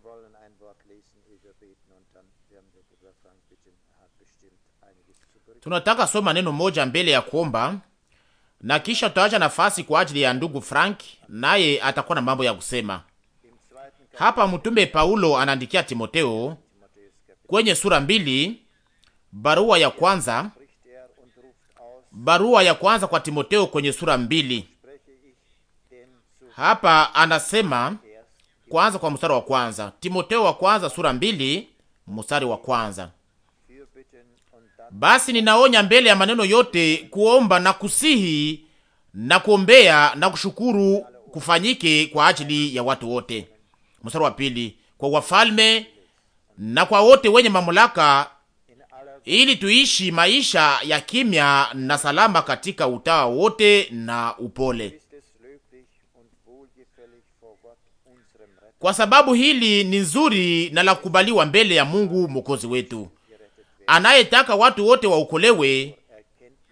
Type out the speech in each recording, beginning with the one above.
wir wollen ein Wort lesen, beten, und dann werden wir Bruder Frank bitten, er hat bestimmt einiges zu berichten. Tunataka soma neno moja mbele ya kuomba na kisha tutaacha nafasi kwa ajili ya ndugu Frank, naye atakuwa na mambo ya kusema. Hapa mtume Paulo anaandikia Timoteo kwenye sura mbili, barua ya kwanza, er barua ya kwanza kwa Timoteo kwenye sura mbili. Hapa anasema kwanza kwa mstari wa kwanza. Timoteo wa kwanza sura mbili mstari wa kwanza. Basi ninaonya mbele ya maneno yote kuomba na kusihi na kuombea na kushukuru kufanyike kwa ajili ya watu wote. Mstari wa pili, kwa wafalme na kwa wote wenye mamlaka, ili tuishi maisha ya kimya na salama katika utawa wote na upole. kwa sababu hili ni nzuri na la kukubaliwa mbele ya Mungu mwokozi wetu anayetaka watu wote waokolewe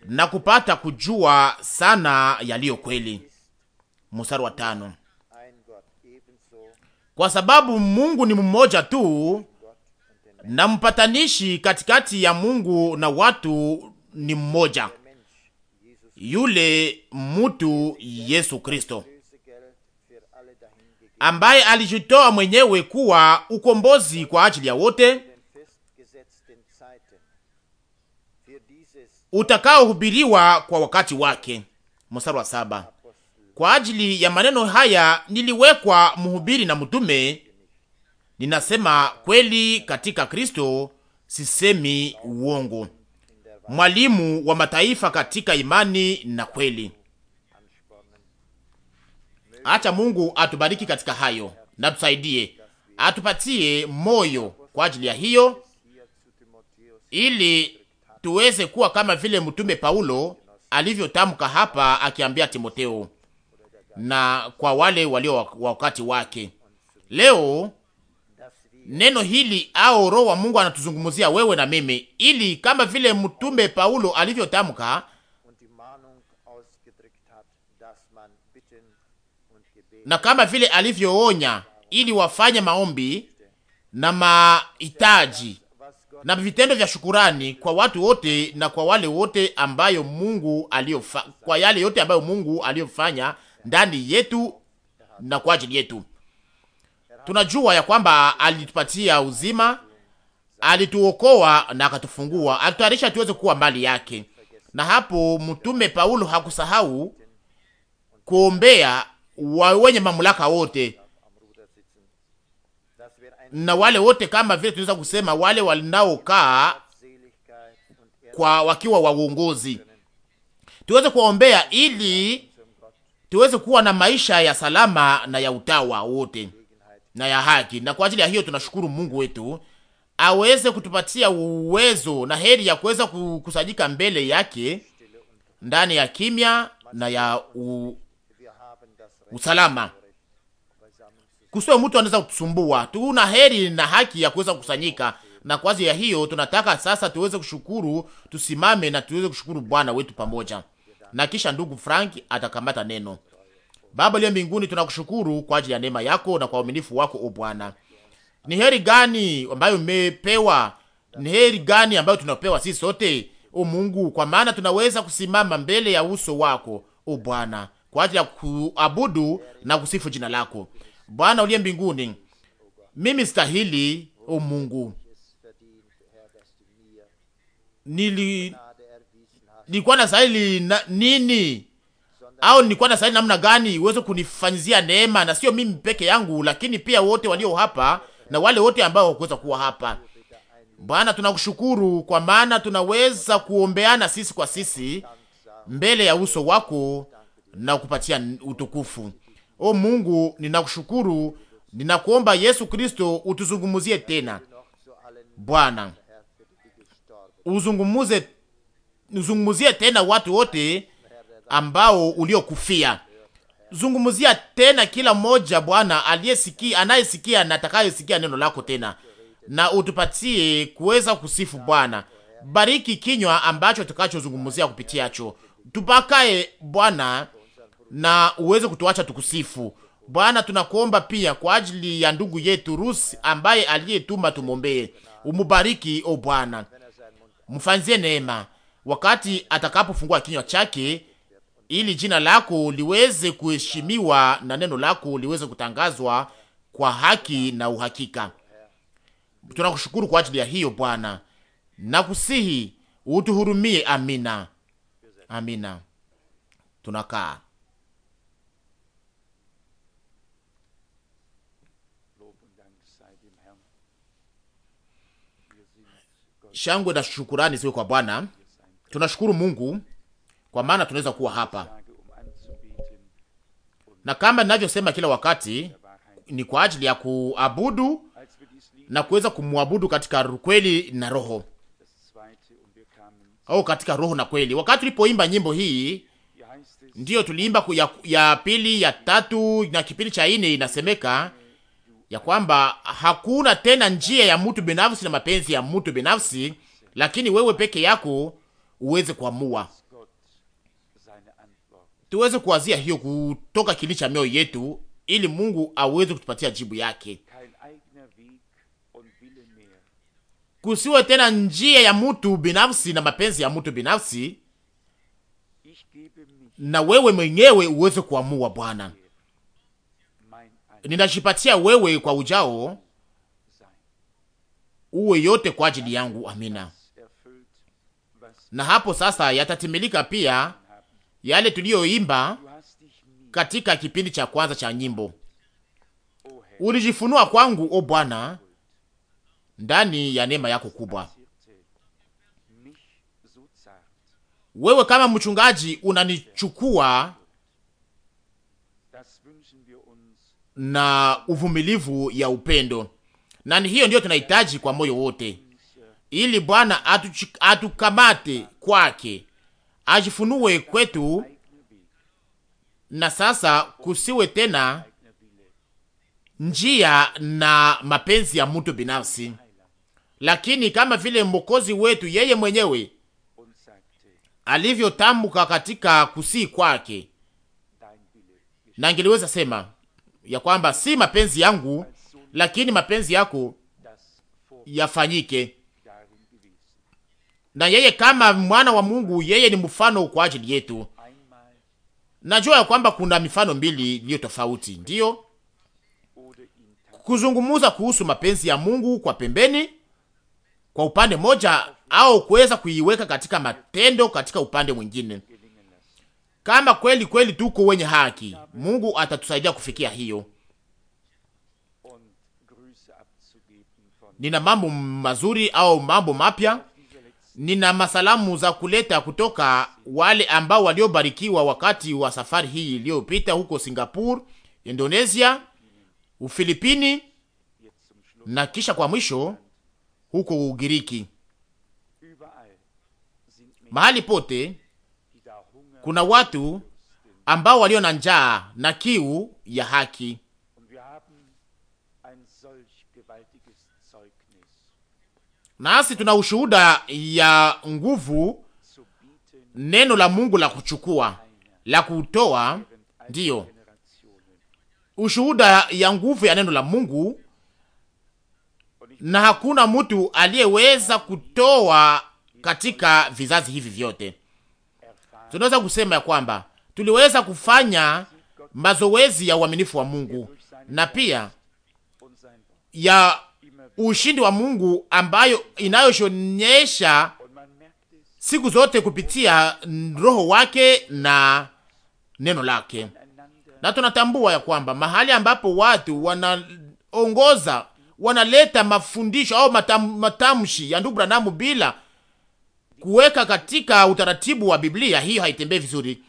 na kupata kujua sana yaliyo kweli. Mstari wa tano, kwa sababu Mungu ni mmoja tu na mpatanishi katikati ya Mungu na watu ni mmoja, yule mtu Yesu Kristo ambaye alijitoa mwenyewe kuwa ukombozi kwa ajili ya wote utakaohubiriwa kwa wakati wake. Mstari wa saba. Kwa ajili ya maneno haya niliwekwa mhubiri na mtume, ninasema kweli katika Kristo, sisemi uongo, mwalimu wa mataifa katika imani na kweli. Acha Mungu atubariki katika hayo na tusaidie, atupatie moyo kwa ajili ya hiyo, ili tuweze kuwa kama vile mtume Paulo alivyotamka hapa, akiambia Timotheo na kwa wale walio wakati wake. Leo neno hili au Roho wa Mungu anatuzungumzia wewe na mimi, ili kama vile mtume Paulo alivyotamka na kama vile alivyoonya, ili wafanye maombi na mahitaji na vitendo vya shukurani kwa watu wote na kwa wale wote ambayo Mungu aliyofa, kwa yale yote ambayo Mungu aliyofanya ndani yetu na kwa ajili yetu. Tunajua ya kwamba alitupatia uzima, alituokoa na akatufungua, alitutayarisha tuweze kuwa mbali yake. Na hapo mtume Paulo hakusahau kuombea wa wenye mamlaka wote na wale wote, kama vile tunaweza kusema wale walinaokaa kwa wakiwa wa uongozi, tuweze kuwaombea ili tuweze kuwa na maisha ya salama na ya utawa wote na ya haki. Na kwa ajili ya hiyo tunashukuru Mungu wetu aweze kutupatia uwezo na heri ya kuweza kukusanyika mbele yake ndani ya kimya na ya u usalama, kusiwe mtu anaweza kutusumbua. Tuna heri na haki ya kuweza kukusanyika, na kwa ajili ya hiyo tunataka sasa tuweze kushukuru, tusimame na tuweze kushukuru Bwana wetu pamoja. Na kisha ndugu Frank atakamata neno. Baba liye mbinguni, tunakushukuru kwa ajili ya neema yako na kwa uaminifu wako, o Bwana. Ni heri gani ambayo umepewa, ni heri gani ambayo tunapewa sisi sote, o Mungu, kwa maana tunaweza kusimama mbele ya uso wako, o Bwana, kwa ajili ya kuabudu na kusifu jina lako Bwana uliye mbinguni. Mimi stahili, o Mungu, nili nilikuwa na stahili na nini au nilikuwa na stahili namna gani uweze kunifanyizia neema, na sio mimi peke yangu, lakini pia wote walio hapa na wale wote ambao wakuweza kuwa hapa. Bwana, tunakushukuru kwa maana tunaweza kuombeana sisi kwa sisi mbele ya uso wako na kupatia utukufu. O Mungu, ninakushukuru, ninakuomba Yesu Kristo utuzungumuzie tena Bwana, uzungumuze uzungumuzie tena watu wote ambao uliokufia. Zungumuzia tena kila mmoja Bwana aliyesikia, anayesikia na atakayesikia neno lako tena, na utupatie kuweza kusifu Bwana. Bariki kinywa ambacho kupitia cho, tupakae Bwana na uweze kutuacha tukusifu. Bwana, tunakuomba pia kwa ajili ya ndugu yetu Rus ambaye aliyetuma tumwombee. Umubariki o Bwana, mfanzie neema wakati atakapofungua kinywa chake, ili jina lako liweze kuheshimiwa na neno lako liweze kutangazwa kwa haki na uhakika. Tunakushukuru kwa ajili ya hiyo Bwana, nakusihi utuhurumie. Amina, amina. Tunakaa. Shangwe na shukurani ziwe kwa Bwana. Tunashukuru Mungu kwa maana tunaweza kuwa hapa, na kama ninavyosema kila wakati, ni kwa ajili ya kuabudu na kuweza kumwabudu katika kweli na roho au katika roho na kweli. Wakati tulipoimba nyimbo hii, ndiyo tuliimba ya, ya pili ya tatu na kipindi cha nne, inasemeka ya kwamba hakuna tena njia ya mtu binafsi na mapenzi ya mtu binafsi, lakini wewe peke yako uweze kuamua. Tuweze kuwazia hiyo kutoka kili cha mioyo yetu, ili Mungu aweze kutupatia jibu yake. Kusiwe tena njia ya mtu binafsi na mapenzi ya mtu binafsi, na wewe mwenyewe uweze kuamua Bwana ninajipatia wewe kwa ujao, uwe yote kwa ajili yangu. Amina. Na hapo sasa yatatimilika pia yale tuliyoimba katika kipindi cha kwanza cha nyimbo, ulijifunua kwangu, o Bwana, ndani ya neema yako kubwa. Wewe kama mchungaji unanichukua na uvumilivu ya upendo, na ni hiyo ndiyo tunahitaji kwa moyo wote, ili Bwana atukamate kwake, ajifunue kwetu, na sasa kusiwe tena njia na mapenzi ya mtu binafsi, lakini kama vile mwokozi wetu yeye mwenyewe alivyotamka katika kusii kwake, na ngiliweza sema ya kwamba si mapenzi yangu lakini mapenzi yako yafanyike. Na yeye kama mwana wa Mungu, yeye ni mfano kwa ajili yetu. Najua ya kwamba kuna mifano mbili iliyo tofauti, ndiyo kuzungumuza kuhusu mapenzi ya Mungu kwa pembeni, kwa upande moja, au kuweza kuiweka katika matendo katika upande mwingine. Kama kweli kweli tuko wenye haki, Mungu atatusaidia kufikia hiyo. Nina mambo mazuri au mambo mapya, nina masalamu za kuleta kutoka wale ambao waliobarikiwa wakati wa safari hii iliyopita huko Singapore, Indonesia, Ufilipini na kisha kwa mwisho huko Ugiriki. Mahali pote kuna watu ambao walio na njaa na kiu ya haki, nasi tuna ushuhuda ya nguvu neno la Mungu la kuchukua la kutoa, ndiyo ushuhuda ya nguvu ya neno la Mungu, na hakuna mtu aliyeweza kutoa katika vizazi hivi vyote tunaweza kusema ya kwamba tuliweza kufanya mazoezi ya uaminifu wa Mungu na pia ya ushindi wa Mungu ambayo inayoshonyesha siku zote kupitia roho wake na neno lake. Na tunatambua ya kwamba mahali ambapo watu wanaongoza wanaleta mafundisho au matamshi ya ndugu Branamu bila kuweka katika utaratibu wa Biblia, hiyo haitembei vizuri.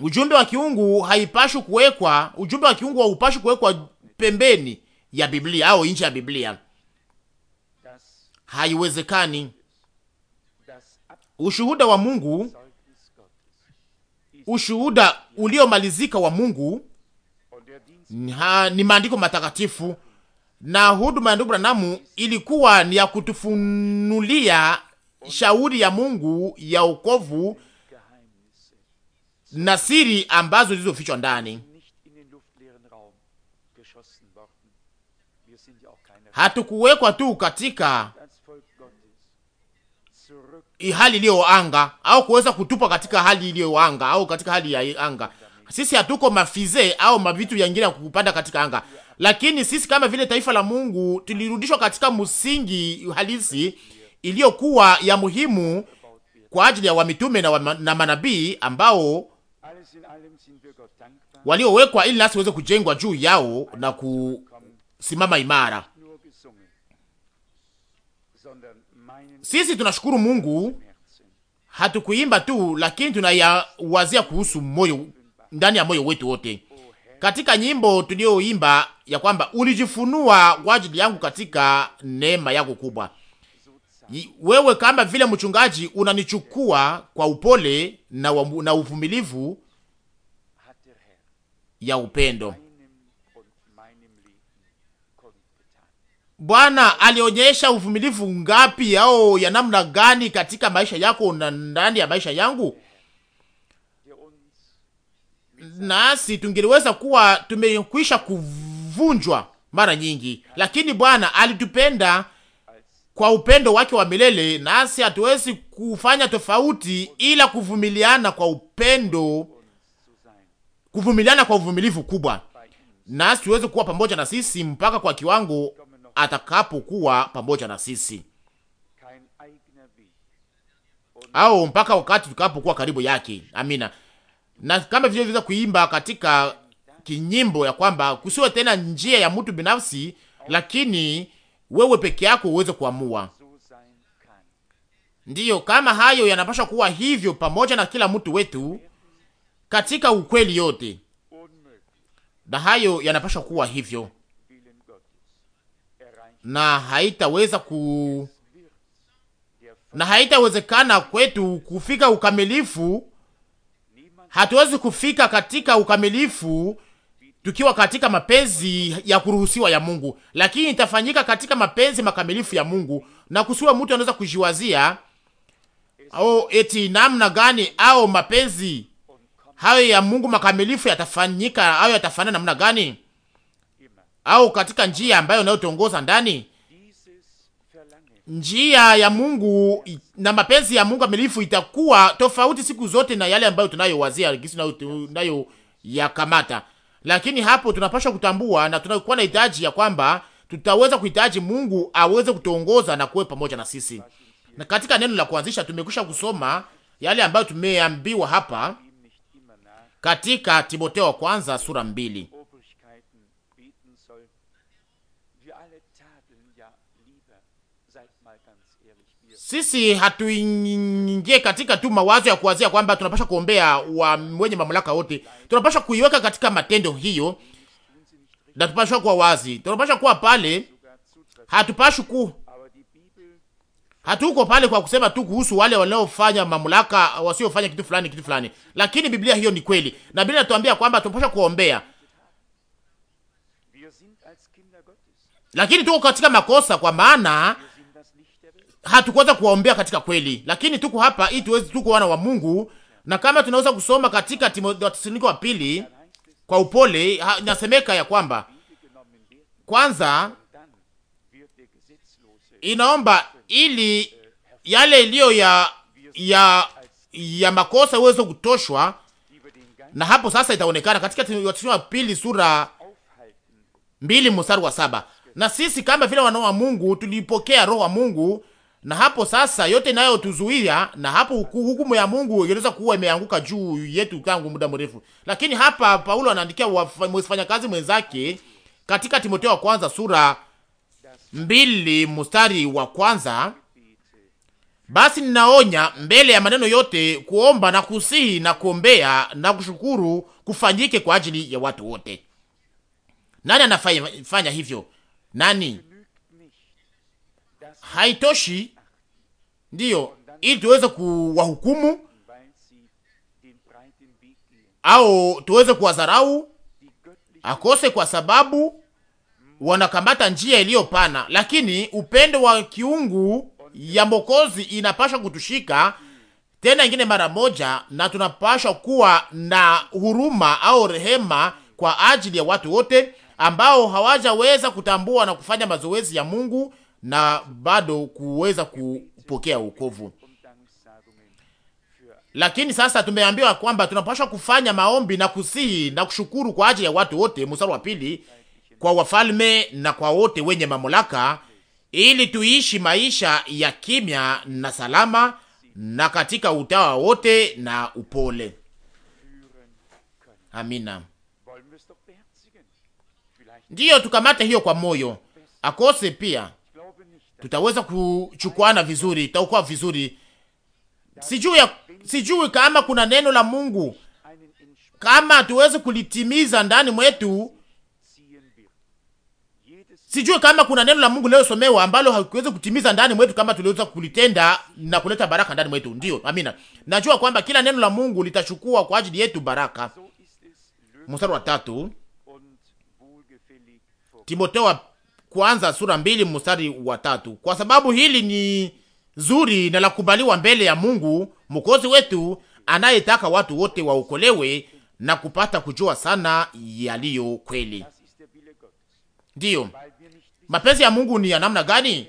Ujumbe wa kiungu haipashi kuwekwa, ujumbe wa kiungu haupashi kuwekwa pembeni ya Biblia au nje ya Biblia, haiwezekani. Ushuhuda wa Mungu, ushuhuda uliomalizika wa Mungu ha, ni maandiko matakatifu na huduma ya ndugu Branamu ilikuwa ni ya kutufunulia shauri ya Mungu ya wokovu na siri ambazo zilizofichwa ndani. Hatukuwekwa tu katika hali iliyo anga au kuweza kutupwa katika hali iliyo anga au katika hali ya anga. Sisi hatuko mafize au mavitu yangine ya kupanda katika anga, lakini sisi kama vile taifa la Mungu tulirudishwa katika msingi halisi iliyokuwa ya muhimu kwa ajili ya wamitume na, wa, na manabii ambao waliowekwa ili nasi weze kujengwa juu yao na kusimama imara. Sisi tunashukuru Mungu, hatukuimba tu, lakini tunayawazia kuhusu moyo ndani ya moyo wetu wote, katika nyimbo tuliyoimba ya kwamba ulijifunua kwa ajili yangu katika neema yako kubwa wewe kama vile mchungaji unanichukua kwa upole na, na uvumilivu ya upendo. Bwana alionyesha uvumilivu ngapi au ya namna gani katika maisha yako na ndani ya maisha yangu, nasi tungeliweza kuwa tumekwisha kuvunjwa mara nyingi, lakini Bwana alitupenda kwa upendo wake wa milele, nasi hatuwezi kufanya tofauti ila kuvumiliana kwa upendo, kuvumiliana kwa uvumilivu kubwa, nasi tuweze kuwa pamoja na sisi mpaka kwa kiwango atakapokuwa pamoja na sisi au mpaka wakati tukapokuwa karibu yake. Amina. Na kama vile vile kuimba katika kinyimbo ya kwamba kusiwe tena njia ya mtu binafsi, lakini wewe peke yako uweze kuamua. Ndiyo, kama hayo yanapaswa kuwa hivyo pamoja na kila mtu wetu katika ukweli yote, na hayo yanapaswa kuwa hivyo, na haitaweza ku na haitawezekana kwetu kufika ukamilifu. Hatuwezi kufika katika ukamilifu tukiwa katika mapenzi ya kuruhusiwa ya Mungu, lakini itafanyika katika mapenzi makamilifu ya Mungu. Na kusiwa mtu anaweza kujiwazia au eti namna gani au mapenzi hayo ya Mungu makamilifu yatafanyika au yatafanana namna gani au katika njia ambayo inayotongoza ndani njia ya Mungu na mapenzi ya Mungu kamilifu itakuwa tofauti siku zote na yale ambayo tunayowazia, tunayowazia tunayo yakamata lakini hapo tunapaswa kutambua na tunakuwa na hitaji ya kwamba tutaweza kuhitaji Mungu aweze kutuongoza na kuwe pamoja na sisi. Na katika neno la kuanzisha tumekwisha kusoma yale ambayo tumeambiwa hapa katika timoteo wa kwanza sura mbili. Sisi hatuingie katika tu mawazo ya kuwazia kwamba tunapasha kuombea wa wenye mamlaka wote, tunapasha kuiweka katika matendo hiyo, na tunapasha kuwa wazi, tunapasha kuwa pale, hatupashi ku hatuko pale kwa kusema tu kuhusu wale wanaofanya mamlaka wasiofanya kitu fulani kitu fulani, lakini Biblia hiyo ni kweli, na Biblia inatuambia kwamba tunapaswa kuombea, lakini tuko katika makosa, kwa maana hatukuweza kuwaombea katika kweli, lakini tuko hapa ili tuweze, tuko wana wa Mungu, na kama tunaweza kusoma katika Wathesalonike wa pili kwa upole, inasemeka ya kwamba kwanza inaomba ili yale iliyo ya ya ya makosa uweze kutoshwa, na hapo sasa itaonekana katika Wathesalonike wa pili sura mbili mstari wa saba. Na sisi kama vile wana wa Mungu tulipokea roho wa Mungu na hapo sasa yote tuzuia, na hapo hukumu ya Mungu inaweza kuwa imeanguka juu yetu tangu muda mrefu. Lakini hapa Paulo anaandikia kazi mwenzake katika Timotheo wa kwanza sura mbili mstari wa kwanza basi ninaonya mbele ya maneno yote kuomba na kusihi na kuombea na kushukuru kufanyike kwa ajili ya watu wote. Nani anafanya hivyo? Nani? haitoshi, ndiyo, ili tuweze kuwahukumu au tuweze kuwadharau akose, kwa sababu wanakamata njia iliyopana, lakini upendo wa kiungu ya Mokozi inapasha kutushika tena ingine mara moja, na tunapasha kuwa na huruma au rehema kwa ajili ya watu wote ambao hawajaweza kutambua na kufanya mazoezi ya Mungu na bado kuweza kupokea wokovu. Lakini sasa tumeambiwa kwamba tunapaswa kufanya maombi na kusihi na kushukuru kwa ajili ya watu wote, mstari wa pili, kwa wafalme na kwa wote wenye mamlaka, ili tuishi maisha ya kimya na salama na katika utawa wote na upole. Amina. Ndiyo, tukamate hiyo kwa moyo akose pia tutaweza kuchukuana vizuri, tutakuwa vizuri. Sijui, sijui kama kuna neno la Mungu kama tuweze kulitimiza ndani mwetu. Sijui kama kuna neno la Mungu leo somewa ambalo hakuweza kutimiza ndani mwetu, kama tuliweza kulitenda na kuleta baraka ndani mwetu. Ndio, amina. Najua kwamba kila neno la Mungu litachukua kwa ajili yetu baraka. Mstari wa tatu, Timoteo wa kwanza sura mbili mstari wa tatu. Kwa sababu hili ni zuri na la kubaliwa mbele ya Mungu mwokozi wetu anayetaka watu wote waokolewe na kupata kujua sana yaliyo kweli. Ndiyo, mapenzi ya Mungu ni ya namna gani?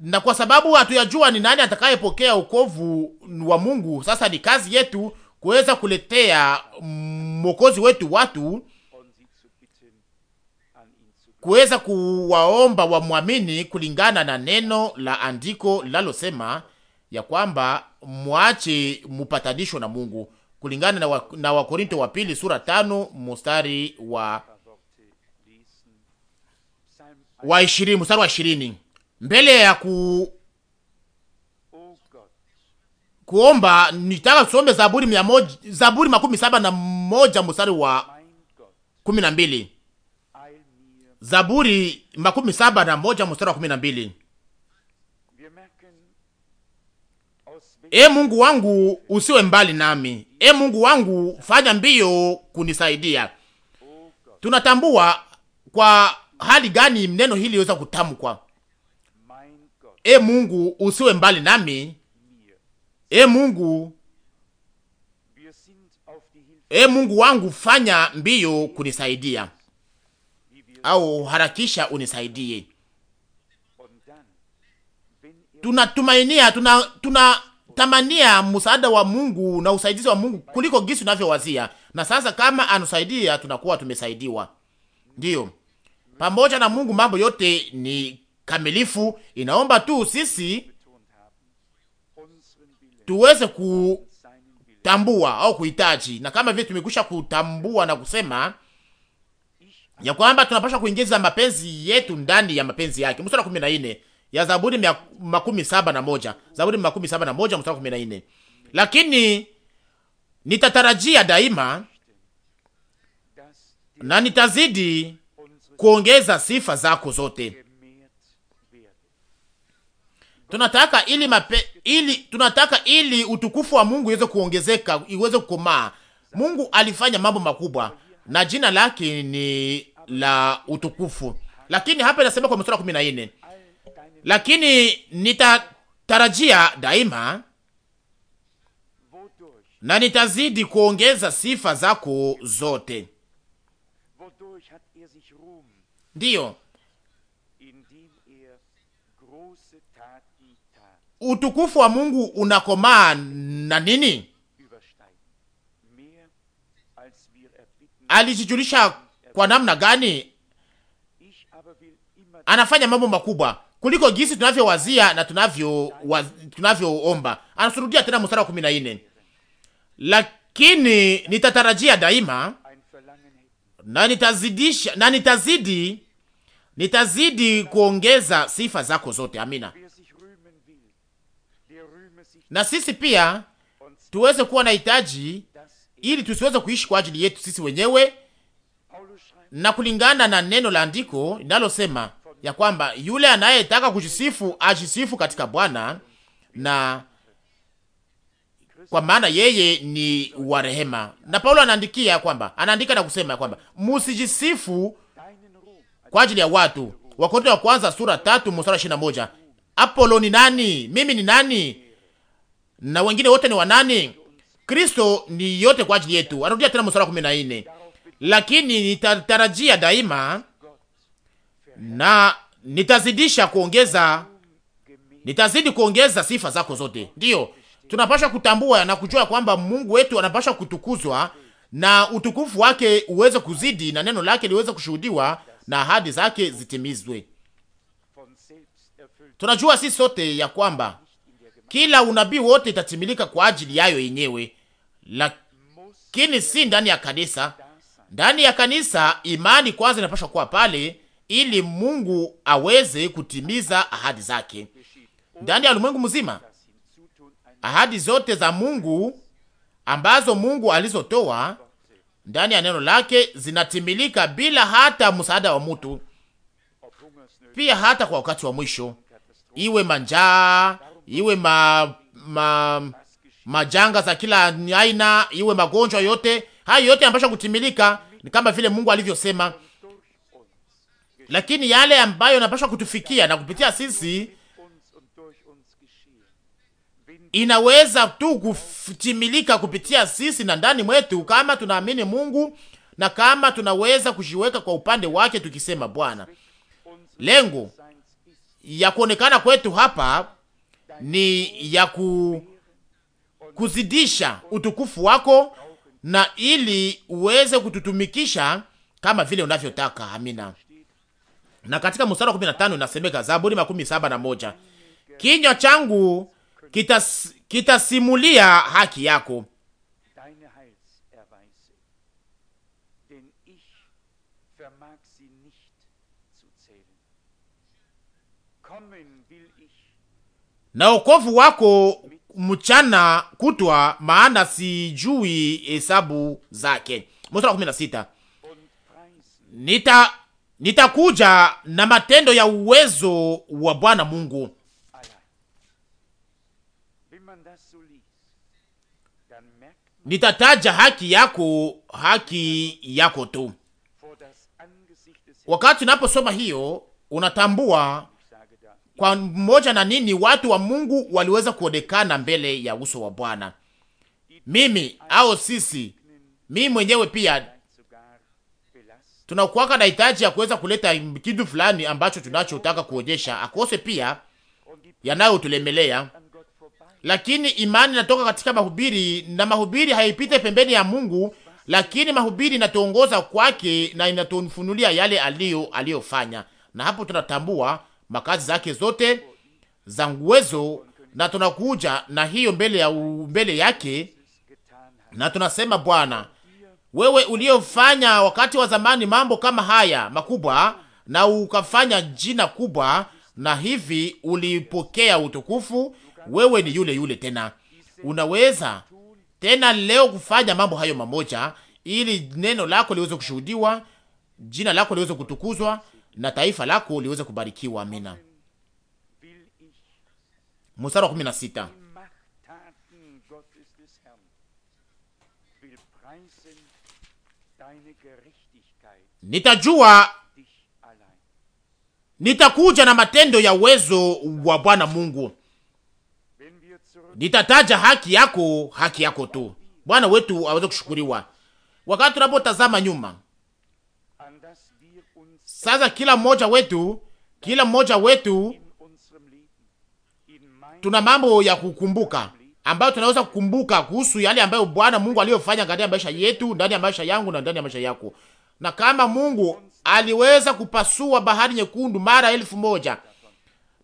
Na kwa sababu hatuyajua ni nani atakayepokea ukovu wa Mungu, sasa ni kazi yetu kuweza kuletea mwokozi wetu watu kuweza kuwaomba wamwamini kulingana na neno la andiko linalosema ya kwamba mwache mupatanisho na Mungu kulingana na, wa, na Wakorinto wa pili sura tano mstari wa wa ishirini mstari wa ishirini mbele ya ku kuomba nitaka tusome Zaburi mia moja Zaburi makumi saba na moja mstari wa kumi na mbili Zaburi makumi saba na moja mstari wa kumi na mbili. E Mungu wangu usiwe mbali nami, e Mungu wangu fanya mbio kunisaidia. Tunatambua kwa hali gani neno hili liweza kutamkwa. E Mungu usiwe mbali nami, e Mungu, e Mungu wangu fanya mbio kunisaidia au harakisha unisaidie. Tunatumainia, tunatamania tuna msaada wa Mungu na usaidizi wa Mungu kuliko gisi tunavyowazia. Na sasa kama anusaidia, tunakuwa tumesaidiwa, ndiyo. Pamoja na Mungu mambo yote ni kamilifu. Inaomba tu sisi tuweze kutambua au kuhitaji, na kama vile tumekwisha kutambua na kusema ya kwamba tunapaswa kuingiza mapenzi yetu ndani ya mapenzi yake. Mstari wa 14 ya Zaburi makumi saba na moja Zaburi makumi saba na moja mstari wa 14, lakini nitatarajia daima na nitazidi kuongeza sifa zako zote. Tunataka ili mape, ili tunataka ili utukufu wa Mungu iweze kuongezeka, iweze kukomaa. Mungu alifanya mambo makubwa na jina lake ni la utukufu. Lakini hapa inasema kwa mstari wa 14, lakini nitatarajia daima na nitazidi kuongeza sifa zako zote. Ndiyo utukufu wa Mungu unakomaa na nini? alijijulisha kwa namna gani? Anafanya mambo makubwa kuliko jinsi tunavyowazia na tunavyo waz, tunavyoomba. Anasurudia tena mstari wa 14, lakini nitatarajia daima na nitazidisha na nitazidi nitazidi kuongeza sifa zako zote. Amina. Na sisi pia tuweze kuwa na hitaji ili tusiweze kuishi kwa ajili yetu sisi wenyewe, na kulingana na neno la andiko linalosema ya kwamba yule anayetaka kujisifu ajisifu katika Bwana, na kwa maana yeye ni wa rehema. Na Paulo anaandikia kwamba anaandika na kusema kwamba musijisifu kwa ajili ya watu. Wakorintho wa kwanza sura tatu mstari ishirini na moja. Apolo ni nani? Mimi ni nani? Na wengine wote ni wanani Kristo ni yote kwa ajili yetu. Anarudia tena mstari wa kumi na nne, lakini nitatarajia daima na nitazidisha kuongeza, nitazidi kuongeza sifa zako zote. Ndiyo tunapasha kutambua na kujua kwamba Mungu wetu anapasha kutukuzwa na utukufu wake uweze kuzidi na neno lake liweze kushuhudiwa na ahadi zake zitimizwe. Tunajua sisi sote ya kwamba kila unabii wote itatimilika kwa ajili yayo yenyewe, lakini si ndani ya kanisa. Ndani ya kanisa imani kwanza inapaswa kuwa pale, ili Mungu aweze kutimiza ahadi zake ndani ya ulimwengu mzima. Ahadi zote za Mungu ambazo Mungu alizotoa ndani ya neno lake zinatimilika bila hata msaada wa mtu, pia hata kwa wakati wa mwisho, iwe manjaa iwe ma, ma, majanga za kila aina, iwe magonjwa yote, hayo yote yanapaswa kutimilika, ni kama vile Mungu alivyosema. Lakini yale ambayo yanapaswa kutufikia na kupitia sisi inaweza tu kutimilika kupitia sisi na ndani mwetu, kama tunaamini Mungu na kama tunaweza kujiweka kwa upande wake, tukisema Bwana, lengo ya kuonekana kwetu hapa ni ya ku, kuzidisha utukufu wako na ili uweze kututumikisha kama vile unavyotaka. Amina. Na katika mstari wa 15 inasemeka, Zaburi makumi saba na moja, kinywa changu kitasimulia kita haki yako na wokovu wako mchana kutwa, maana sijui hesabu zake. Mstari wa 16 nita nitakuja na matendo ya uwezo wa Bwana Mungu. Nitataja haki yako, haki yako tu. Wakati unaposoma hiyo, unatambua kwa mmoja na nini watu wa Mungu waliweza kuonekana mbele ya uso wa Bwana. Mimi au sisi, mimi mwenyewe pia tunakuwaka na hitaji ya kuweza kuleta kitu fulani ambacho tunachotaka kuonyesha, akose pia yanayotulemelea lakini imani inatoka katika mahubiri na mahubiri haipite pembeni ya Mungu, lakini mahubiri inatuongoza kwake na inatufunulia yale aliyo aliyofanya, na hapo tunatambua makazi zake zote za uwezo, na tunakuja na hiyo mbele ya mbele yake, na tunasema Bwana, wewe uliofanya wakati wa zamani mambo kama haya makubwa, na ukafanya jina kubwa, na hivi ulipokea utukufu, wewe ni yule yule tena, unaweza tena leo kufanya mambo hayo mamoja, ili neno lako liweze kushuhudiwa, jina lako liweze kutukuzwa na taifa lako liweze kubarikiwa. Amina. Mstari wa kumi na sita nitajua nitakuja na matendo ya uwezo wa Bwana Mungu, nitataja haki yako, haki yako tu. Bwana wetu aweze kushukuriwa. Wakati tunapotazama nyuma, sasa kila mmoja wetu, kila mmoja wetu tuna mambo ya kukumbuka ambayo tunaweza kukumbuka kuhusu yale ambayo Bwana Mungu aliyofanya ndani ya maisha yetu, ndani ya maisha yangu na ndani ya maisha yako. Na kama Mungu aliweza kupasua bahari nyekundu mara elfu moja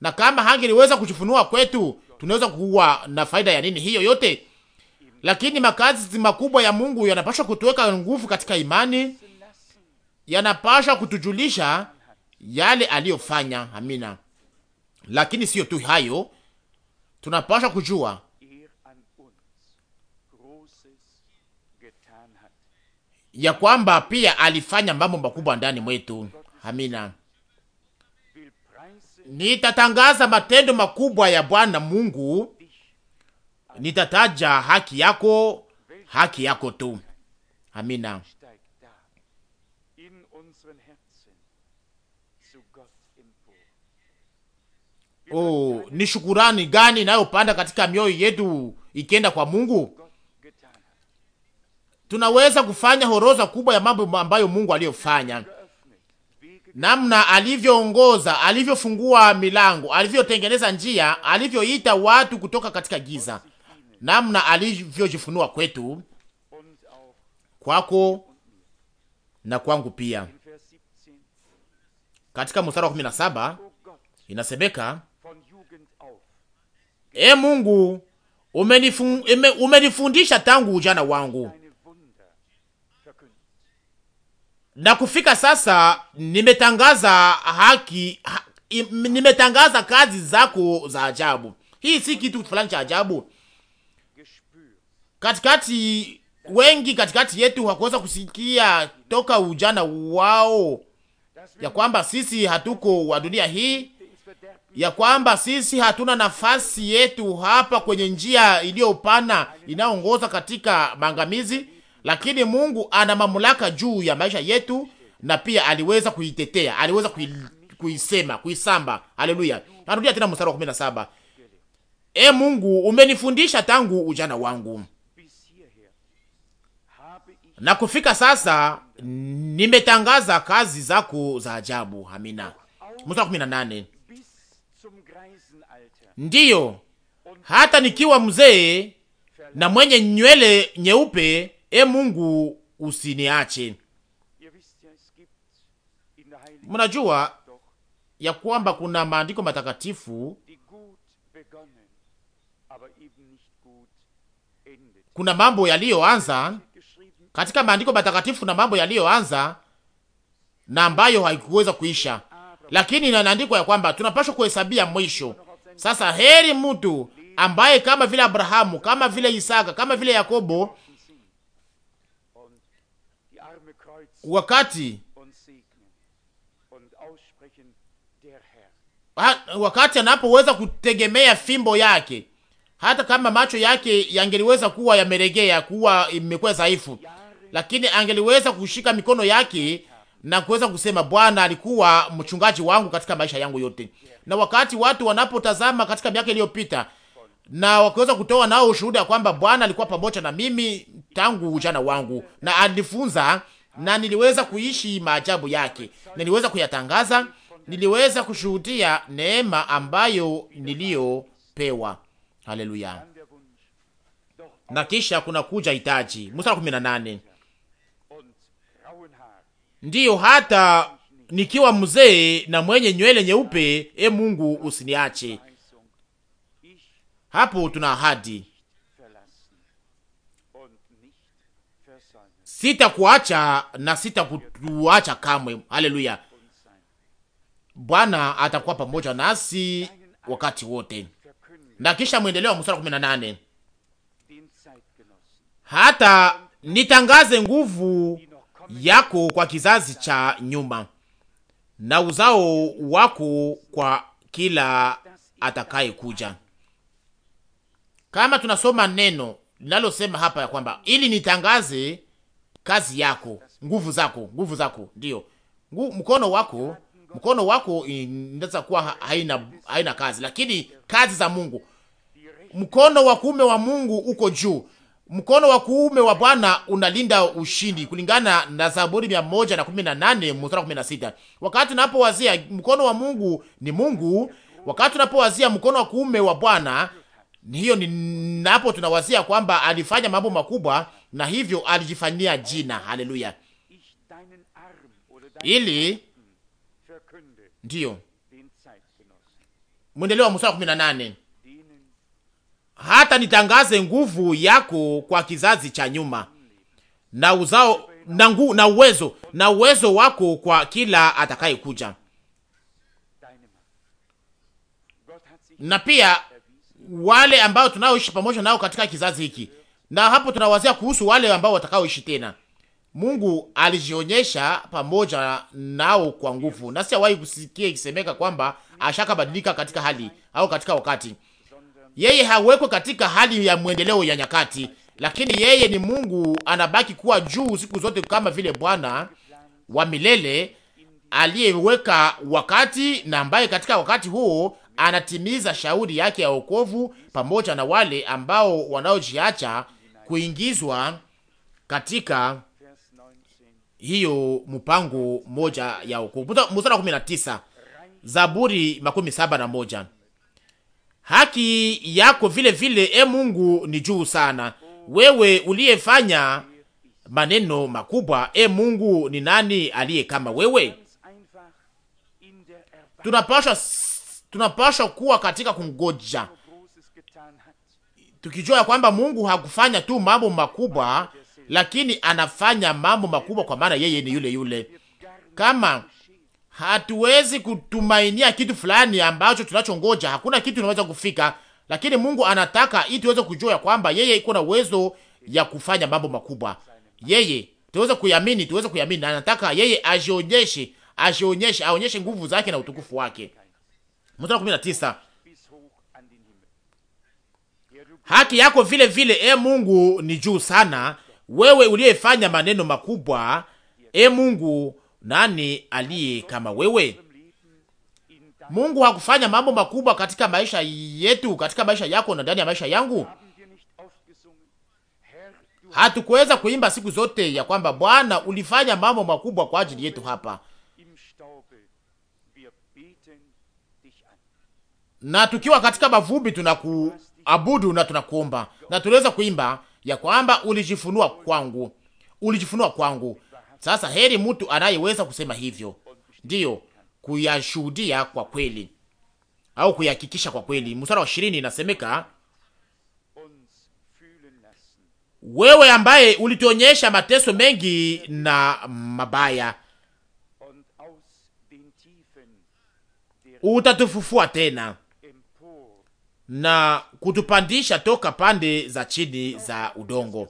na kama hangeliweza kujifunua kwetu, tunaweza kuwa na faida ya nini hiyo yote? Lakini makazi makubwa ya Mungu yanapaswa kutuweka nguvu katika imani, yanapasha kutujulisha yale aliyofanya. Amina. Lakini siyo tu hayo, tunapasha kujua ya kwamba pia alifanya mambo makubwa ndani mwetu. Amina. Nitatangaza matendo makubwa ya Bwana Mungu, nitataja haki yako, haki yako tu. Amina. Oh, ni shukurani gani inayopanda katika mioyo yetu ikienda kwa Mungu? Tunaweza kufanya horoza kubwa ya mambo ambayo Mungu aliyofanya, namna alivyoongoza, alivyofungua milango, alivyotengeneza njia, alivyoita watu kutoka katika giza, namna alivyojifunua kwetu, kwako na kwangu pia. Katika mstari wa 17 inasemeka E Mungu, umenifundisha tangu ujana wangu na kufika sasa, nimetangaza haki ha, nimetangaza kazi zako za ajabu. Hii si kitu fulani cha ajabu. Katikati wengi katikati yetu hakuweza kusikia toka ujana wao ya kwamba sisi hatuko wa dunia hii, ya kwamba sisi hatuna nafasi yetu hapa kwenye njia iliyopana inayoongoza katika maangamizi, lakini Mungu ana mamlaka juu ya maisha yetu, na pia aliweza kuitetea, aliweza kui, kuisema, kuisamba. Haleluya! Anarudia tena mstari wa 17, E Mungu, umenifundisha tangu ujana wangu na kufika sasa nimetangaza kazi zako za ajabu. Amina. Mstari wa ndiyo hata nikiwa mzee na mwenye nywele nyeupe, e Mungu usiniache. Mnajua ya kwamba kuna maandiko matakatifu, kuna mambo yaliyoanza katika maandiko matakatifu, kuna mambo yaliyoanza na ambayo haikuweza kuisha lakini inaandikwa ya kwamba tunapaswa kuhesabia mwisho. Sasa heri mtu ambaye kama vile Abrahamu, kama vile Isaka, kama vile Yakobo, wakati wakati anapoweza kutegemea fimbo yake, hata kama macho yake yangeliweza kuwa yameregea, kuwa imekuwa dhaifu, lakini angeliweza kushika mikono yake na kuweza kusema Bwana alikuwa mchungaji wangu katika maisha yangu yote. Na wakati watu wanapotazama katika miaka iliyopita na wakiweza kutoa nao ushuhuda ya kwamba Bwana alikuwa pamoja na mimi tangu ujana wangu na alifunza na niliweza kuishi maajabu yake, niliweza kuyatangaza, niliweza kushuhudia neema ambayo niliyopewa. Haleluya! Na kisha kuna kuja hitaji, mstari ndiyo hata nikiwa mzee na mwenye nywele nyeupe, e Mungu usiniache. Hapo tuna ahadi, sitakuacha na sitakuacha kamwe. Haleluya! Bwana atakuwa pamoja nasi wakati wote. Na kisha mwendeleo wa mstari wa 18 hata nitangaze nguvu yako kwa kizazi cha nyuma na uzao wako kwa kila atakaye kuja Kama tunasoma neno linalosema hapa ya kwamba ili nitangaze kazi yako, nguvu zako, nguvu zako ndio mkono wako. Mkono wako inaweza kuwa haina, haina kazi, lakini kazi za Mungu, mkono wa kuume wa Mungu uko juu mkono wa kuume wa Bwana unalinda ushindi, kulingana na Zaburi 118 mstari 16. Wakati tunapowazia mkono wa Mungu ni Mungu, wakati tunapowazia mkono wa kuume wa Bwana ni hiyo, ninapo tunawazia kwamba alifanya mambo makubwa na hivyo alijifanyia jina. Haleluya! ili ndiyo mwendeleo wa mstari 18 hata nitangaze nguvu yako kwa kizazi cha nyuma na uzao na ngu, na uwezo na uwezo wako kwa kila atakayekuja. Na pia wale ambao tunaoishi pamoja nao katika kizazi hiki, na hapo tunawazia kuhusu wale ambao watakaoishi tena. Mungu alijionyesha pamoja nao kwa nguvu, na si awahi kusikia ikisemeka kwamba ashakabadilika katika hali au katika wakati yeye hawekwe katika hali ya mwendeleo ya nyakati, lakini yeye ni Mungu, anabaki kuwa juu siku zote, kama vile Bwana wa milele aliyeweka wakati na ambaye katika wakati huo anatimiza shauri yake ya wokovu pamoja na wale ambao wanaojiacha kuingizwa katika hiyo mpango moja ya wokovu. Mstari wa 19 Zaburi makumi saba na moja haki yako vile vile, e Mungu ni juu sana. Wewe uliyefanya maneno makubwa, e Mungu, ni nani aliye kama wewe? Tunapashwa, tunapashwa kuwa katika kungoja tukijua ya kwamba Mungu hakufanya tu mambo makubwa, lakini anafanya mambo makubwa, kwa maana yeye ni yule yule. Kama hatuwezi kutumainia kitu fulani ambacho tunachongoja. Hakuna kitu kinaweza kufika, lakini Mungu anataka ili tuweze kujua kwamba yeye iko na uwezo ya kufanya mambo makubwa. Yeye tuweze kuyamini, tuweze kuyamini. anataka yeye ajionyeshe, ajionyeshe, aonyeshe nguvu zake na utukufu wake. Mstari tisa haki yako vile vile, e Mungu, ni juu sana, wewe uliyefanya maneno makubwa, e Mungu nani aliye kama wewe? Mungu hakufanya mambo makubwa katika maisha yetu, katika maisha yako na ndani ya maisha yangu. Hatukuweza kuimba siku zote ya kwamba Bwana ulifanya mambo makubwa kwa ajili yetu hapa, na tukiwa katika mavumbi tunakuabudu na tunakuomba, na tunaweza kuimba ya kwamba ulijifunua kwangu, ulijifunua kwangu sasa heri mtu anayeweza kusema hivyo, ndiyo kuyashuhudia kwa kweli au kuyahakikisha kwa kweli. Mstari wa ishirini inasemeka, wewe ambaye ulituonyesha mateso mengi na mabaya, utatufufua tena na kutupandisha toka pande za chini za udongo.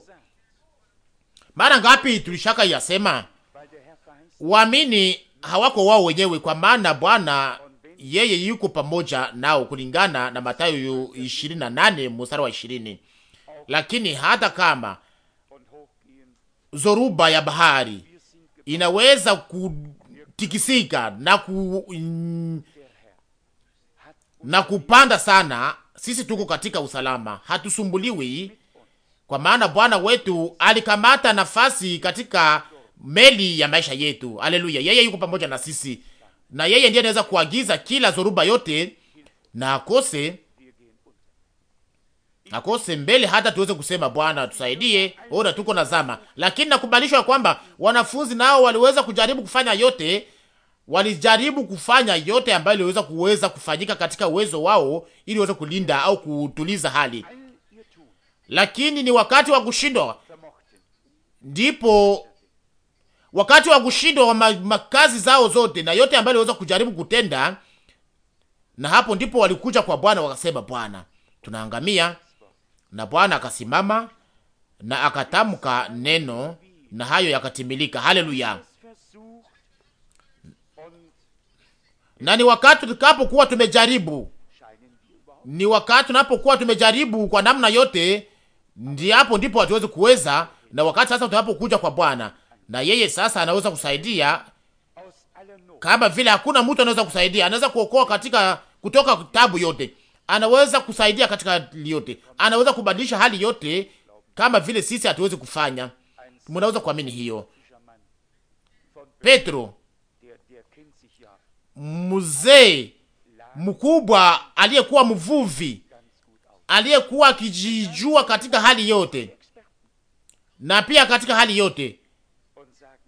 Mara ngapi tulishaka yasema, waamini hawako wao wenyewe, kwa maana Bwana yeye yuko pamoja nao, kulingana na Mathayo 28 mstari wa 20. Lakini hata kama zoruba ya bahari inaweza kutikisika na ku na kupanda sana, sisi tuko katika usalama, hatusumbuliwi kwa maana Bwana wetu alikamata nafasi katika meli ya maisha yetu. Haleluya! Yeye yuko pamoja na sisi, na yeye ndiye anaweza kuagiza kila zoruba yote na akose akose mbele hata tuweze kusema Bwana tusaidie, ora tuko na zama. Lakini nakubalishwa kwamba wanafunzi nao waliweza kujaribu kufanya yote, walijaribu kufanya yote ambayo iliweza kuweza kufanyika katika uwezo wao, ili waweze kulinda au kutuliza hali lakini ni wakati wa kushindwa, ndipo wakati wa kushindwa wa makazi zao zote na yote ambayo waliweza kujaribu kutenda, na hapo ndipo walikuja kwa Bwana wakasema, Bwana tunaangamia. Na Bwana akasimama na akatamka neno na hayo yakatimilika. Haleluya! Na ni wakati tukapokuwa tumejaribu, ni wakati tunapokuwa tumejaribu kwa namna yote Ndi hapo ndipo hatuwezi kuweza, na wakati sasa tunapokuja kwa Bwana na yeye sasa anaweza kusaidia, kama vile hakuna mtu anaweza kusaidia. Anaweza kuokoa katika kutoka tabu yote, anaweza kusaidia katika yote, anaweza kubadilisha hali yote, kama vile sisi hatuwezi kufanya. Mnaweza kuamini hiyo? Petro mzee mkubwa aliyekuwa mvuvi aliyekuwa akijijua katika hali yote na pia katika hali yote.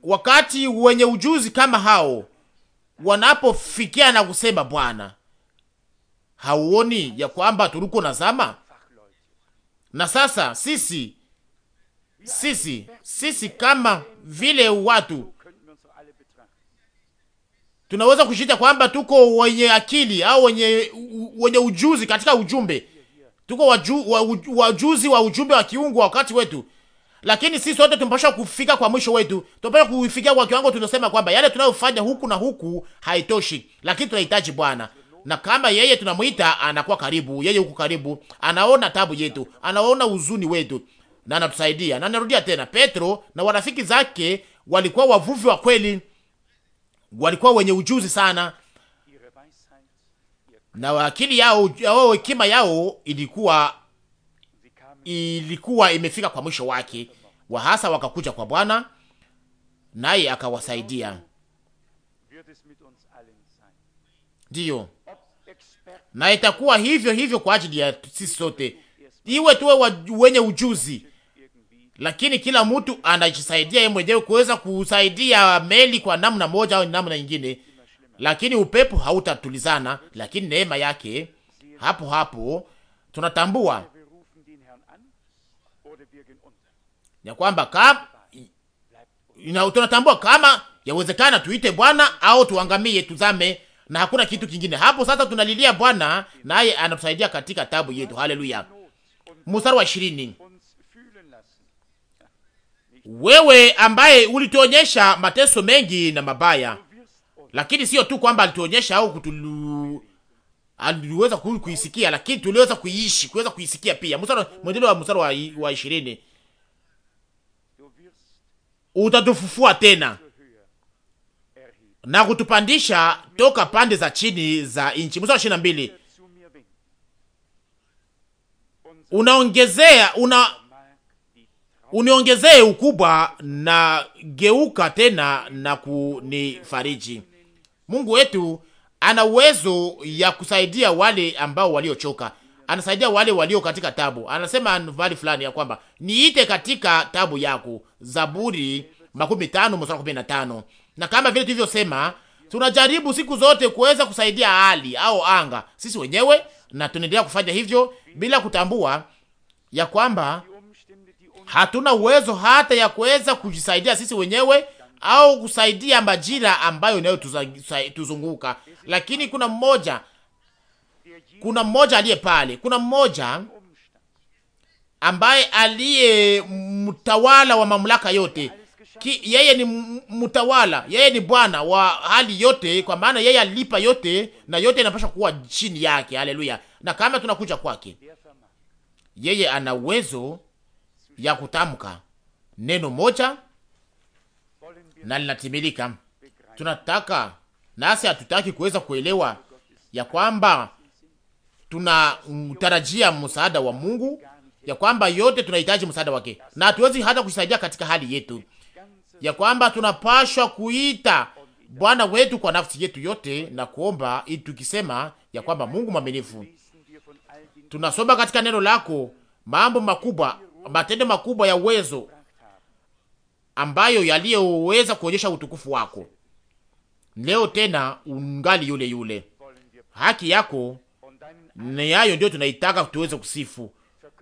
Wakati wenye ujuzi kama hao wanapofikia na kusema, Bwana, hauoni ya kwamba tuliko nazama? Na sasa sisi sisi sisi kama vile watu tunaweza kushita kwamba tuko wenye akili au wenye wenye ujuzi katika ujumbe tuko waju, wa, wajuzi wa ujumbe wa kiungu wa wakati wetu, lakini sisi sote tunapaswa kufika kwa mwisho wetu. Tunapaswa kufikia kwa kiwango tunasema kwamba yale tunayofanya huku na huku haitoshi, lakini tunahitaji Bwana na kama yeye tunamwita, anakuwa karibu. Yeye huko karibu, anaona tabu yetu, anaona huzuni wetu na anatusaidia. Na narudia tena, Petro na warafiki zake walikuwa wavuvi wa kweli, walikuwa wenye ujuzi sana, na akili yao yao hekima yao ilikuwa ilikuwa imefika kwa mwisho wake. Wahasa wakakuja kwa Bwana naye akawasaidia. Ndiyo, na itakuwa hivyo hivyo kwa ajili ya sisi sote, iwe tuwe wenye ujuzi, lakini kila mtu anajisaidia yeye mwenyewe kuweza kusaidia meli kwa namna moja au namna nyingine lakini upepo hautatulizana, lakini neema yake hapo hapo tunatambua ya kwamba ka, tunatambua kama yawezekana tuite Bwana au tuangamie, tuzame na hakuna kitu kingine hapo. Sasa tunalilia Bwana naye anatusaidia katika tabu yetu. Haleluya! mstari wa ishirini wewe ambaye ulituonyesha mateso mengi na mabaya lakini sio tu kwamba alituonyesha au kutulu aliweza kuisikia, lakini tuliweza kuiishi, kuweza kuisikia pia. Mstari mwendeleo wa mstari wa ishirini, utatufufua tena na kutupandisha toka pande za chini za inchi. Mstari ishirini na mbili, unaongezea una uniongezee ukubwa na geuka tena na kunifariji Mungu wetu ana uwezo ya kusaidia wale ambao waliochoka, anasaidia wale walio katika tabu. Anasema vali fulani ya kwamba niite katika tabu yako, Zaburi makumi tano mstari kumi na tano. Na kama vile tulivyosema, tunajaribu siku zote kuweza kusaidia hali au anga sisi wenyewe, na tunaendelea kufanya hivyo bila kutambua ya kwamba hatuna uwezo hata ya kuweza kujisaidia sisi wenyewe au kusaidia majira ambayo nayo tuzunguka lakini kuna mmoja, kuna mmoja aliye pale, kuna mmoja ambaye aliye mtawala wa mamlaka yote ki, yeye ni mtawala, yeye ni Bwana wa hali yote, kwa maana yeye alipa yote na yote inapaswa kuwa chini yake. Haleluya! Na kama tunakuja kwake, yeye ana uwezo ya kutamka neno moja na linatimilika. Tunataka nasi hatutaki kuweza kuelewa ya kwamba tunatarajia msaada wa Mungu, ya kwamba yote tunahitaji msaada wake, na hatuwezi hata kusaidia katika hali yetu, ya kwamba tunapashwa kuita Bwana wetu kwa nafsi yetu yote na kuomba, ili tukisema ya kwamba Mungu mwaminifu, tunasoma katika neno lako mambo makubwa, matendo makubwa ya uwezo ambayo yaliyoweza kuonyesha utukufu wako. Leo tena ungali yule yule, haki yako ni hayo, ndio tunaitaka tuweze kusifu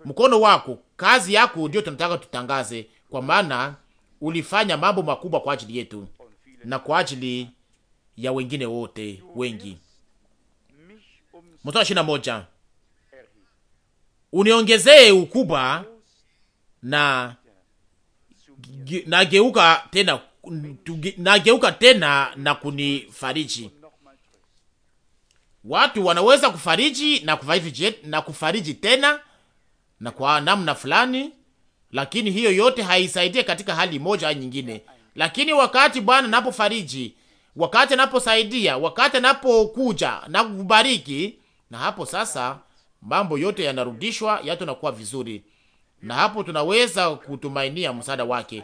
mkono wako, kazi yako ndio tunataka tutangaze, kwa maana ulifanya mambo makubwa kwa ajili yetu na kwa ajili ya wengine wote wengi. Mstari ishirini na moja, uniongezee ukubwa na nageuka tena, nageuka tena na kunifariji. Watu wanaweza kufariji na kufariji, na kufariji tena na kwa namna fulani, lakini hiyo yote haisaidie katika hali moja au nyingine. Lakini wakati Bwana anapofariji, wakati anaposaidia, wakati anapokuja na kubariki, na hapo sasa mambo yote yanarudishwa, yote yanakuwa vizuri na hapo tunaweza kutumainia msaada wake.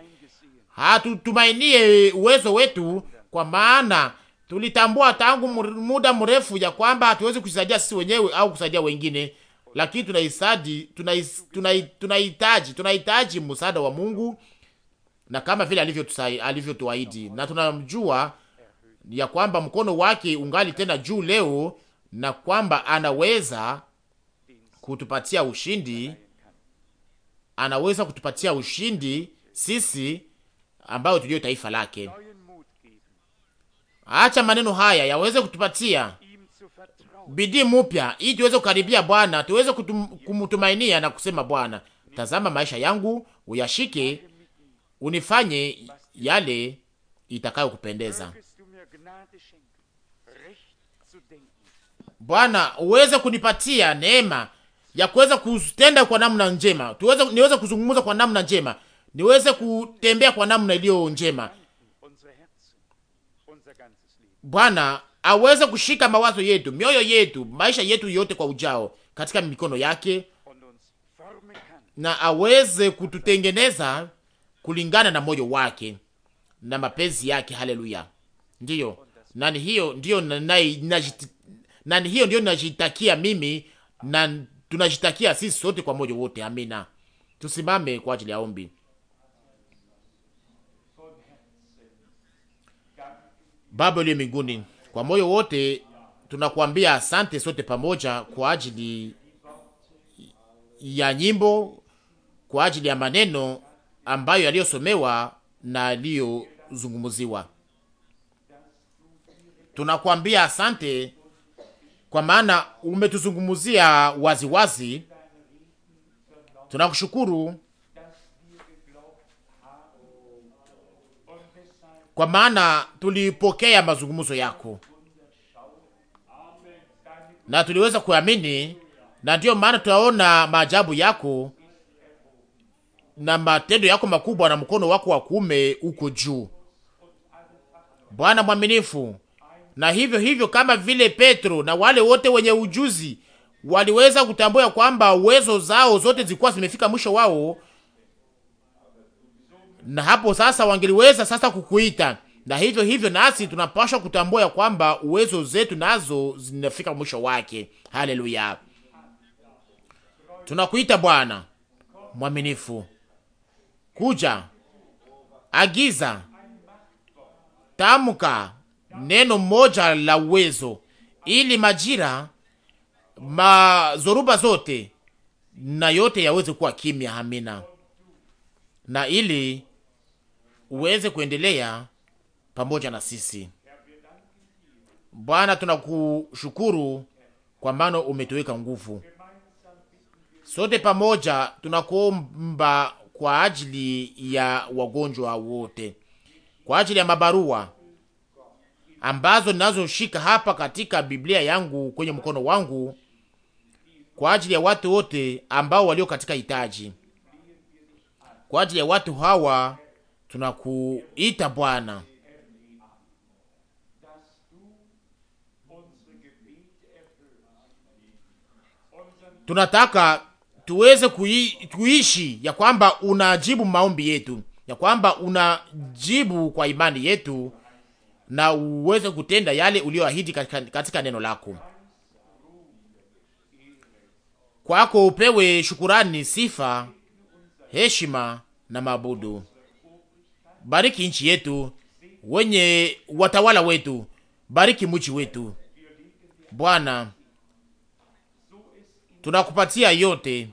Hatutumainie uwezo wetu, kwa maana tulitambua tangu muda mrefu ya kwamba hatuwezi kujisaidia sisi wenyewe au kusaidia wengine, lakini tunahitaji tunahitaji tunahitaji msaada wa Mungu, na kama vile alivyotuahidi, na tunamjua ya kwamba mkono wake ungali tena juu leo na kwamba anaweza kutupatia ushindi anaweza kutupatia ushindi sisi ambayo tulio taifa lake. Acha maneno haya yaweze kutupatia bidii mupya, ili tuweze kukaribia Bwana, tuweze kumtumainia na kusema, Bwana, tazama maisha yangu, uyashike, unifanye yale itakayokupendeza. Bwana, uweze kunipatia neema ya kuweza kutenda kwa namna njema, tuweze niweze kuzungumza kwa namna njema, niweze kutembea kwa namna iliyo njema. Bwana aweze kushika mawazo yetu, mioyo yetu, maisha yetu yote kwa ujao katika mikono yake, na aweze kututengeneza kulingana na moyo wake na mapenzi yake. Haleluya! Ndiyo nani hiyo, ndiyo nani hiyo, ndiyo najitakia mimi na tunajitakia sisi sote kwa moyo wote. Amina. Tusimame kwa ajili ya ombi. Baba uliye mbinguni, kwa moyo wote tunakuambia asante sote pamoja kwa ajili ya nyimbo, kwa ajili ya maneno ambayo yaliyosomewa na yaliyozungumziwa. Tunakuambia asante kwa maana umetuzungumzia waziwazi. Tunakushukuru kwa maana tulipokea mazungumzo yako na tuliweza kuamini, na ndiyo maana tunaona maajabu yako na matendo yako makubwa na mkono wako wa kuume uko juu. Bwana mwaminifu, na hivyo hivyo, kama vile Petro na wale wote wenye ujuzi waliweza kutambua kwamba uwezo zao zote zilikuwa zimefika mwisho wao, na hapo sasa wangeliweza sasa kukuita. Na hivyo hivyo, nasi tunapaswa kutambua kwamba uwezo zetu nazo zinafika mwisho wake. Haleluya! Tunakuita Bwana mwaminifu, kuja, agiza, tamka neno moja la uwezo, ili majira mazoruba zote na yote yaweze kuwa kimya. Amina, na ili uweze kuendelea pamoja na sisi. Bwana, tunakushukuru kwa maana umetuweka nguvu sote pamoja. Tunakuomba kwa ajili ya wagonjwa wote, kwa ajili ya mabarua ambazo ninazoshika hapa katika Biblia yangu kwenye mkono wangu kwa ajili ya watu wote ambao walio katika hitaji. Kwa ajili ya watu hawa tunakuita Bwana, tunataka tuweze kui, kuishi ya kwamba unajibu maombi yetu, ya kwamba unajibu kwa imani yetu na uweze kutenda yale uliyoahidi katika, katika neno lako. Kwako upewe shukurani, sifa, heshima na mabudu. Bariki nchi yetu, wenye watawala wetu, bariki mji wetu. Bwana, tunakupatia yote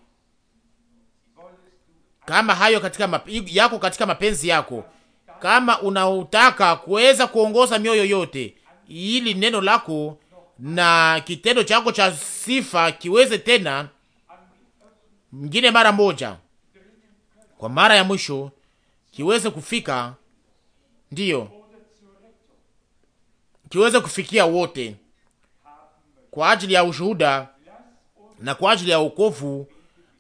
kama hayo katika map, yako katika mapenzi yako kama unautaka kuweza kuongoza mioyo yote, ili neno lako na kitendo chako cha sifa kiweze tena mwingine mara moja kwa mara ya mwisho kiweze kufika, ndiyo kiweze kufikia wote kwa ajili ya ushuhuda na kwa ajili ya wokovu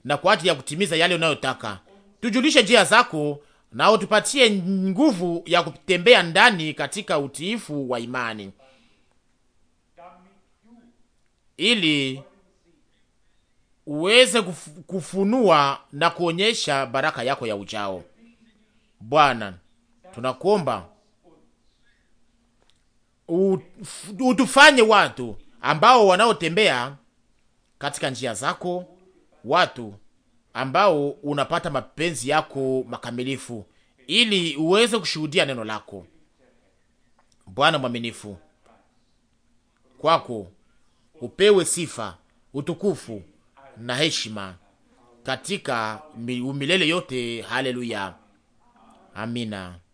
na kwa ajili ya kutimiza yale unayotaka. Tujulishe njia zako nao tupatie nguvu ya kutembea ndani katika utiifu wa imani, ili uweze kufunua na kuonyesha baraka yako ya ujao. Bwana, tunakuomba utufanye watu ambao wanaotembea katika njia zako, watu ambao unapata mapenzi yako makamilifu, ili uweze kushuhudia neno lako. Bwana mwaminifu, kwako upewe sifa, utukufu na heshima katika umilele yote. Haleluya, amina.